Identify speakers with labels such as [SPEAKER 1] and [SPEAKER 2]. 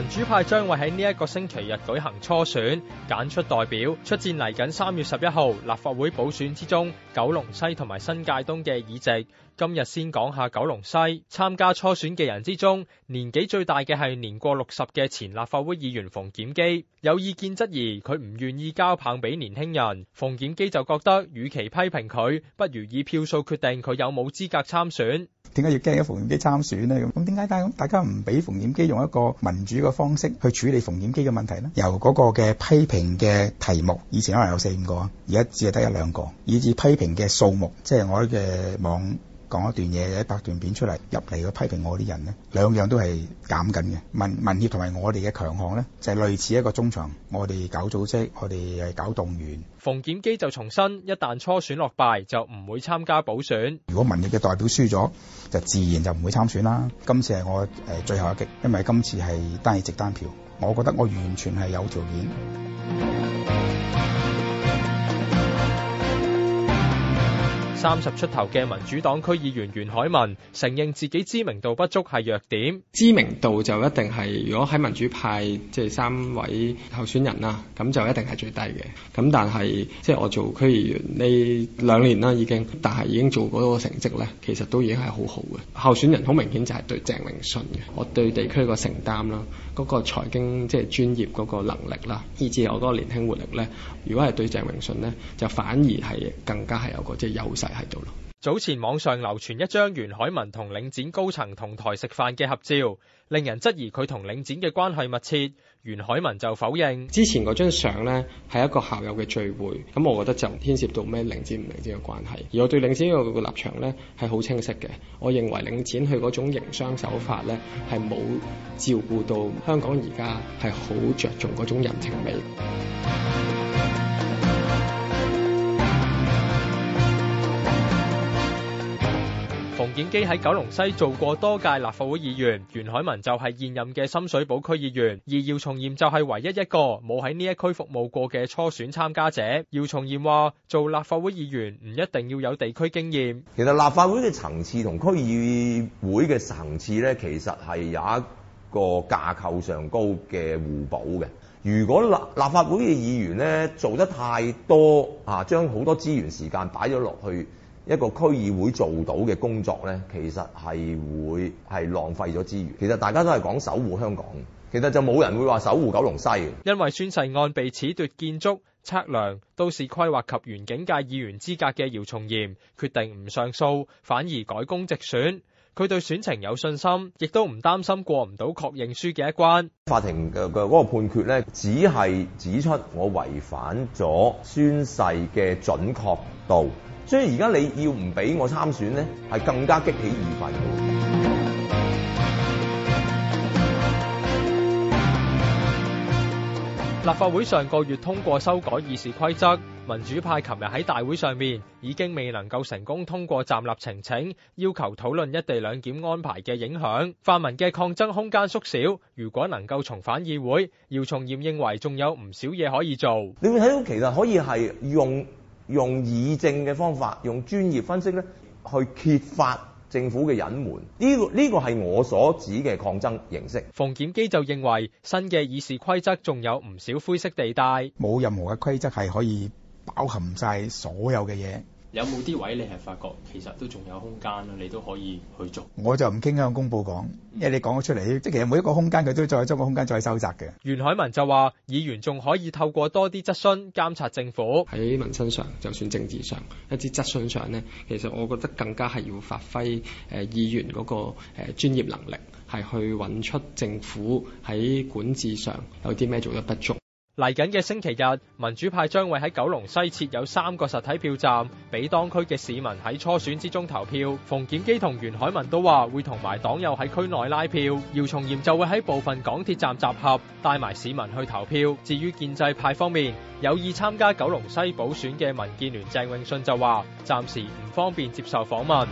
[SPEAKER 1] 民主派將會喺呢一個星期日舉行初選，揀出代表出戰嚟緊三月十一號立法會補選之中九龍西同埋新界東嘅議席。今日先講下九龍西參加初選嘅人之中，年紀最大嘅係年過六十嘅前立法會議員馮檢基。有意見質疑佢唔願意交棒俾年輕人，馮檢基就覺得與其批評佢，不如以票數決定佢有冇資格參選。
[SPEAKER 2] 點解要驚咗馮檢基參選咧？咁點解咧？咁大家唔俾馮檢基用一個民主嘅方式去處理馮檢基嘅問題咧？由嗰個嘅批評嘅題目，以前可能有四五個，而家只係得一兩個，以致批評嘅數目，即係我嘅網。講一段嘢，一百段片出嚟入嚟都批評我啲人咧，兩樣都係減緊嘅。民民協同埋我哋嘅強項呢，就係類似一個中場，我哋搞組織，我哋係搞動員。
[SPEAKER 1] 馮檢基就重申，一旦初選落敗，就唔會參加補選。
[SPEAKER 2] 如果民協嘅代表輸咗，就自然就唔會參選啦。今次係我誒最後一擊，因為今次係單議席單票，我覺得我完全係有條件。
[SPEAKER 1] 三十出頭嘅民主黨區議員袁海文承認自己知名度不足係弱點，
[SPEAKER 3] 知名度就一定係如果喺民主派即係、就是、三位候選人啦，咁就一定係最低嘅。咁但係即係我做區議員呢兩年啦，已經但係已經做嗰個成績咧，其實都已經係好好嘅。候選人好明顯就係對鄭泳舜嘅，我對地區、嗰個承擔啦，嗰個財經即係專業嗰個能力啦，以至我嗰個年輕活力呢。如果係對鄭泳舜呢，就反而係更加係有、嗰個即係優勢。就是
[SPEAKER 1] 早前網上流傳一張袁海文同領展高層同台食飯嘅合照，令人質疑佢同領展嘅關係密切。袁海文就否認，
[SPEAKER 3] 之前嗰張相呢係一個校友嘅聚會，咁我覺得就唔牽涉到咩領展唔領展嘅關係。而我對領展嘅立場呢係好清晰嘅，我認為領展佢嗰種營商手法呢係冇照顧到香港而家係好着重嗰種人情味。
[SPEAKER 1] 馮檢基喺九龍西做過多屆立法會議員，袁海文就係現任嘅深水埗區議員，而姚松炎就係唯一一個冇喺呢一區服務過嘅初選參加者。姚松炎話：做立法會議員唔一定要有地區經驗。
[SPEAKER 4] 其實立法會嘅層次同區議會嘅層次咧，其實係有一個架構上高嘅互補嘅。如果立立法會嘅議員咧做得太多啊，將好多資源時間擺咗落去。一個區議會做到嘅工作呢，其實係會係浪費咗資源。其實大家都係講守護香港，其實就冇人會話守護九龍西。因
[SPEAKER 1] 為宣誓案被褫奪建築測量都市規劃及園景界議員資格嘅姚松炎，決定唔上訴，反而改攻直選。佢對選情有信心，亦都唔擔
[SPEAKER 4] 心過唔到確認書嘅一關。法庭嘅嗰個判決呢，只係指出我違反咗宣誓嘅準確度。所以而家你要唔俾我參選呢，係更加激起熱憤嘅。立法會
[SPEAKER 1] 上個月通過修改議事規則，民主派琴日喺大會上面已經未能夠成功通過站立呈請，要求討論一地兩檢安排嘅影響，泛民嘅抗爭空間縮小。如果能夠重返議會，姚松炎認為仲有唔少嘢可以做。
[SPEAKER 4] 你會睇到其實可以係用。用議政嘅方法，用專業分析咧，去揭發政府嘅隱瞞。呢個呢個係我所指嘅抗爭形式。
[SPEAKER 2] 馮檢
[SPEAKER 1] 基就認為，新嘅議事規則仲有唔少灰色地帶，
[SPEAKER 2] 冇任何嘅規則係可以包含晒所有嘅嘢。
[SPEAKER 1] 有冇啲位你係發覺其實都仲有空間咯你都可以去做。
[SPEAKER 2] 我就唔傾向公布講，因為你講咗出嚟，即係其實每一個空間佢都再有嗰個空間再收窄嘅。
[SPEAKER 1] 袁海文就話：議員仲可以透過
[SPEAKER 3] 多啲質詢監察政府喺民生上，就算政治上一啲質詢上咧，其實我覺得更加係要發揮誒議員嗰個誒專業能力，係去揾出政府喺管治上有啲咩做得不足。嚟緊嘅星
[SPEAKER 1] 期日，民主派將會喺九龍西設有三個實體票站，俾當區嘅市民喺初選之中投票。馮檢基同袁海文都話會同埋黨友喺區內拉票，姚松炎就會喺部分港鐵站集合，帶埋市民去投票。至於建制派方面，有意參加九龍西補選嘅民建聯鄭泳舜就話，暫時唔方便接受訪問。